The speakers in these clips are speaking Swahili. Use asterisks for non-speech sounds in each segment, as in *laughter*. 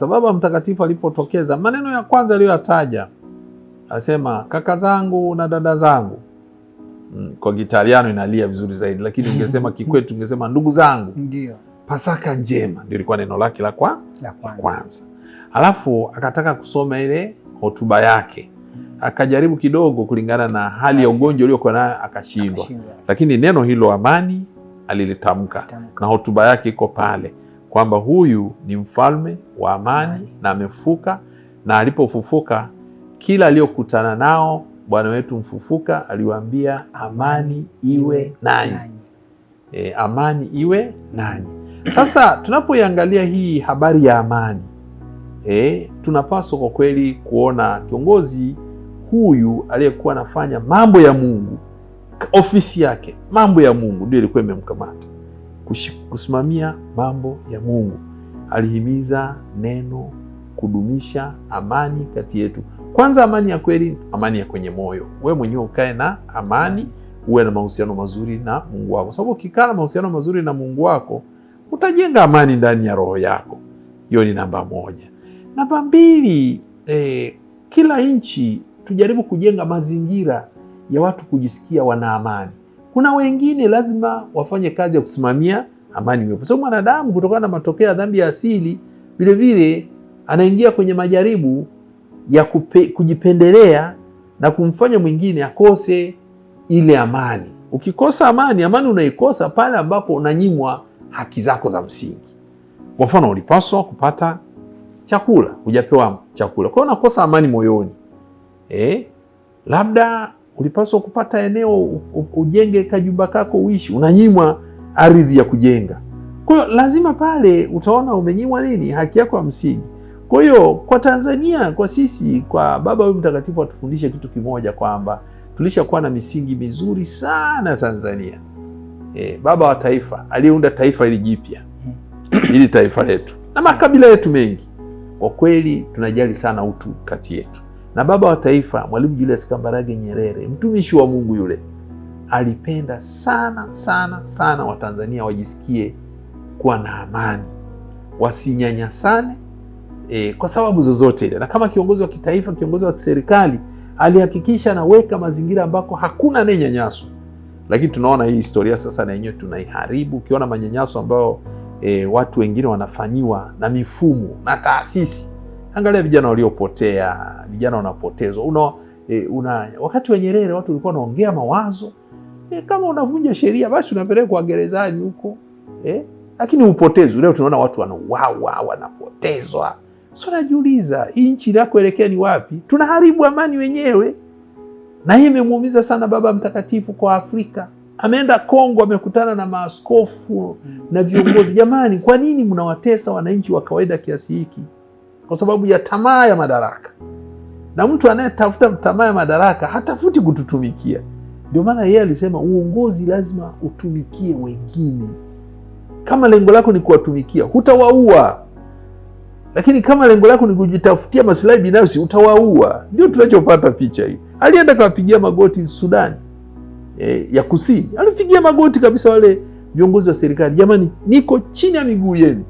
Sababu mtakatifu alipotokeza maneno ya kwanza aliyoyataja asema, kaka zangu na dada zangu. Mm, kwa Kiitaliano inalia vizuri zaidi, lakini ungesema *laughs* kikwetu ungesema ndugu zangu. Ndio Pasaka njema, ndio ilikuwa neno lake la kwa la kwanza. Kwanza alafu akataka kusoma ile hotuba yake, akajaribu kidogo kulingana na hali ya ugonjwa uliokuwa nayo akashindwa, lakini neno hilo amani alilitamka na hotuba yake iko pale kwamba huyu ni mfalme wa amani na amefufuka, na alipofufuka kila aliyokutana nao Bwana wetu mfufuka aliwaambia amani iwe nanyi. E, amani iwe nanyi. *clears throat* Sasa tunapoiangalia hii habari ya amani e, tunapaswa kwa kweli kuona kiongozi huyu aliyekuwa anafanya mambo ya Mungu, ofisi yake mambo ya Mungu ndio ilikuwa imemkamata kusimamia mambo ya Mungu. Alihimiza neno kudumisha amani kati yetu. Kwanza amani ya kweli, amani ya kwenye moyo. We mwenyewe ukae na amani, uwe na mahusiano mazuri na Mungu wako, sababu ukikaa na mahusiano mazuri na Mungu wako utajenga amani ndani ya roho yako. Hiyo ni namba moja. Namba mbili, eh, kila nchi tujaribu kujenga mazingira ya watu kujisikia wana amani. Kuna wengine lazima wafanye kazi ya kusimamia amani iwepo. So mwanadamu kutokana na matokeo ya dhambi ya asili vilevile anaingia kwenye majaribu ya kupe, kujipendelea na kumfanya mwingine akose ile amani. Ukikosa amani, amani unaikosa pale ambapo unanyimwa haki zako za msingi. Kwa mfano, ulipaswa kupata chakula, hujapewa chakula, kwa hiyo unakosa amani moyoni eh? labda ulipaswa kupata eneo ujenge kajumba kako uishi, unanyimwa ardhi ya kujenga. Kwa hiyo lazima pale utaona umenyimwa nini, haki yako ya msingi. Kwa hiyo kwa Tanzania, kwa sisi, kwa baba huyu mtakatifu atufundishe kitu kimoja kwamba tulishakuwa na misingi mizuri sana Tanzania. E, baba wa taifa aliyeunda taifa hili jipya hili taifa letu na makabila yetu mengi, kwa kweli tunajali sana utu kati yetu na baba wa taifa Mwalimu Julius Kambarage Nyerere, mtumishi wa Mungu yule, alipenda sana sana sana Watanzania wajisikie kuwa na amani, wasinyanyasane e, kwa sababu zozote ile. Na kama kiongozi wa kitaifa, kiongozi wa kiserikali alihakikisha anaweka mazingira ambako hakuna nyanyaso lakini tunaona hii historia sasa na yenyewe tunaiharibu, ukiona manyanyaso ambayo e, watu wengine wanafanyiwa na mifumo na taasisi Angalia vijana waliopotea, vijana wanapotezwa. Una, e, eh, una wakati wa Nyerere watu walikuwa wanaongea mawazo e, kama unavunja sheria basi unapelekwa gerezani huko e? Lakini upotezi leo tunaona watu wanauawa, wanapotezwa. So najiuliza hii nchi inakoelekea ni wapi? Tunaharibu amani wenyewe, na hii imemuumiza sana Baba Mtakatifu kwa Afrika. Ameenda Kongo, amekutana na maaskofu na viongozi. Jamani, kwa nini mnawatesa wananchi wa kawaida kiasi hiki? kwa sababu ya tamaa ya madaraka, na mtu anayetafuta tamaa ya madaraka hatafuti kututumikia. Ndio maana yeye alisema uongozi lazima utumikie wengine. Kama lengo lako ni kuwatumikia, hutawaua, lakini kama lengo lako ni kujitafutia masilahi binafsi, utawaua. Ndio tunachopata picha hii. Alienda kawapigia magoti Sudani e, eh, ya Kusini, alipigia magoti kabisa wale viongozi wa serikali, jamani, niko chini ya miguu yenu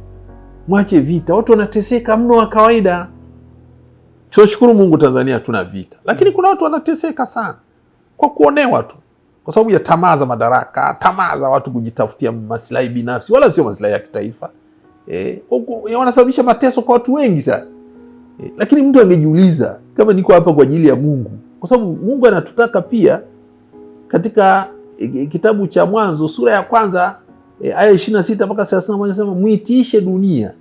mwache vita, watu wanateseka mno wa kawaida. Tunashukuru Mungu Tanzania tuna vita, lakini kuna watu wanateseka sana kwa kuonewa tu, kwa sababu ya tamaa za madaraka, tamaa za watu kujitafutia maslahi binafsi, wala sio masilahi ya kitaifa. E, wanasababisha mateso kwa watu wengi sana. E, lakini mtu angejiuliza kama niko hapa kwa ajili ya Mungu, kwa sababu Mungu anatutaka pia katika eh, kitabu cha Mwanzo sura ya kwanza e, aya ishirini na sita mpaka thelathini na moja nasema mwitishe dunia,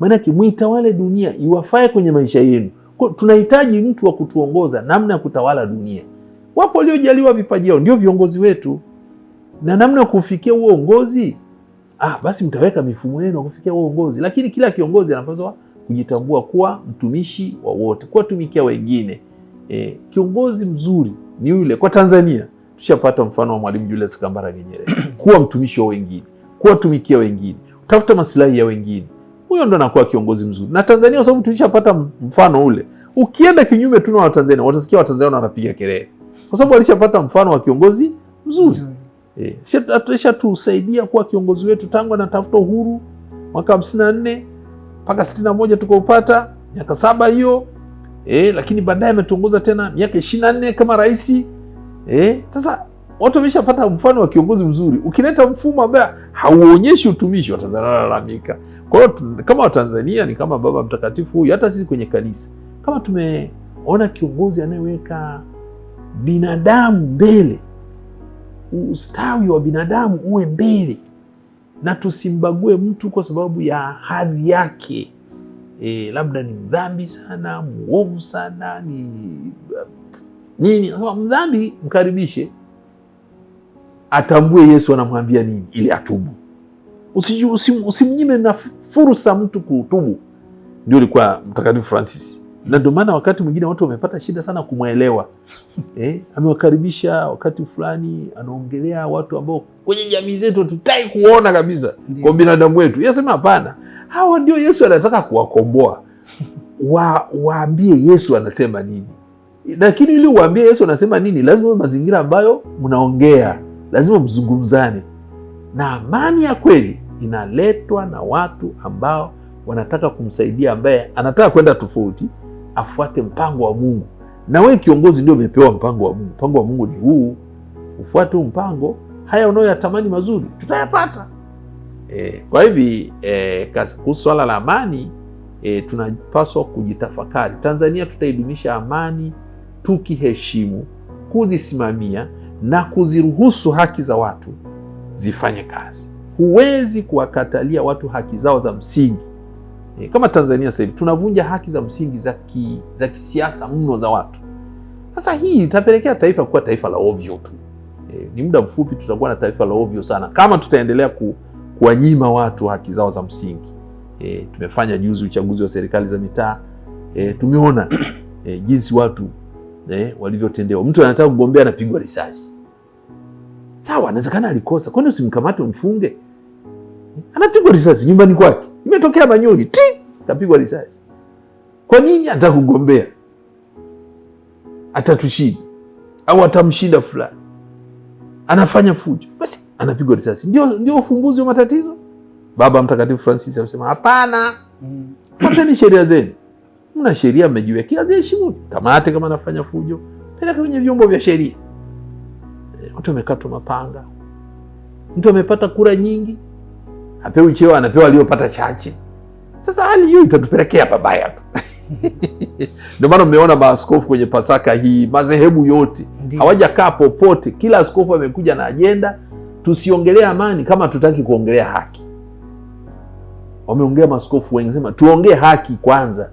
maanake mwitawale dunia iwafae kwenye maisha yenu. Tunahitaji mtu wa kutuongoza namna ya kutawala dunia. Wapo waliojaliwa vipaji yao ndio viongozi wetu, na namna ya kufikia uongozi ah, basi mtaweka mifumo yenu kufikia uongozi, lakini kila kiongozi anapaswa kujitambua kuwa mtumishi wa wote, kuwatumikia wengine. E, kiongozi mzuri ni yule. Kwa Tanzania tushapata mfano wa Mwalimu Julius Kambarage Nyerere *clears throat* kuwa mtumishi wa wengine kuwatumikia wengine, tafuta masilahi ya wengine, huyo ndo anakuwa kiongozi mzuri. Na Tanzania, kwa sababu tulishapata mfano ule, ukienda kinyume tu na Watanzania watasikia Watanzania wanapiga kelele, kwa sababu walishapata mfano wa kiongozi mzuri e, kuwa kiongozi wetu tangu anatafuta uhuru mwaka hamsini na nne mpaka sitini na moja tukaupata miaka saba hiyo e, lakini baadaye ametuongoza tena miaka ishirini na nne kama rais e, sasa Watu wameshapata mfano wa kiongozi mzuri. Ukileta mfumo ambaye hauonyeshi utumishi, watalalamika. Kwa hiyo kama Watanzania ni kama Baba Mtakatifu huyu, hata sisi kwenye kanisa kama tumeona kiongozi anayeweka binadamu mbele, ustawi wa binadamu uwe mbele, na tusimbague mtu kwa sababu ya hadhi yake. E, labda ni mdhambi sana, mwovu sana, ni nini? Nasema mdhambi mkaribishe atambue Yesu anamwambia nini ili atubu. Usimnyime na fursa mtu kutubu. Ndio ilikuwa Mtakatifu Francis, na ndio maana wakati mwingine watu wamepata shida sana kumwelewa *laughs* eh, amewakaribisha wakati fulani, anaongelea watu ambao kwenye jamii zetu hatutai kuona kabisa kwa binadamu wetu. Yasema hapana, hawa ndio Yesu anataka kuwakomboa wa, waambie Yesu anasema nini, lakini ili uambie Yesu anasema nini lazima mazingira ambayo mnaongea lazima mzungumzane, na amani ya kweli inaletwa na watu ambao wanataka kumsaidia ambaye anataka kwenda tofauti, afuate mpango wa Mungu. Na wewe kiongozi, ndio umepewa mpango wa Mungu. Mpango wa Mungu ni huu, ufuate huu mpango. Haya unayoyatamani mazuri tutayapata. E, kwa hivi e, kuhusu swala la amani e, tunapaswa kujitafakari. Tanzania tutaidumisha amani tukiheshimu, kuzisimamia na kuziruhusu haki za watu zifanye kazi. Huwezi kuwakatalia watu haki zao za msingi. E, kama Tanzania sasa hivi tunavunja haki za msingi za, ki, za kisiasa mno za watu. Sasa hii itapelekea taifa kuwa taifa la ovyo tu. E, ni muda mfupi tutakuwa na taifa la ovyo sana kama tutaendelea ku, kuwanyima watu haki zao za msingi. E, tumefanya juzi uchaguzi wa serikali za mitaa. E, tumeona *coughs* e, jinsi watu eh, walivyotendewa. Mtu anataka kugombea anapigwa risasi. Sawa, anawezekana alikosa. Kwani usimkamate umfunge? Anapigwa risasi nyumbani kwake. Imetokea Manyoni, ti kapigwa risasi. Kwa nini? Anataka kugombea, atatushidi au atamshinda fulani, anafanya fujo, basi anapigwa risasi. Ndio, ndio ufumbuzi wa matatizo. Baba Mtakatifu Francis amesema hapana, mm. fateni sheria zenu mna sheria mmejiwekea, ziheshimu. Kamate kama anafanya fujo, peleka kwenye vyombo vya sheria. Eh, mtu amekatwa mapanga, mtu amepata kura nyingi, hapewi cheo, anapewa aliyopata chache. Sasa hali hiyo itatupelekea pabaya tu. *laughs* Ndio maana mmeona maaskofu kwenye Pasaka hii, madhehebu yote hawajakaa popote. Kila askofu amekuja na ajenda, tusiongelee amani kama tutaki kuongelea haki. Wameongea maaskofu wengi, sema tuongee haki kwanza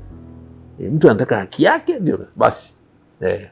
mtu anataka haki yake ndio basi eh.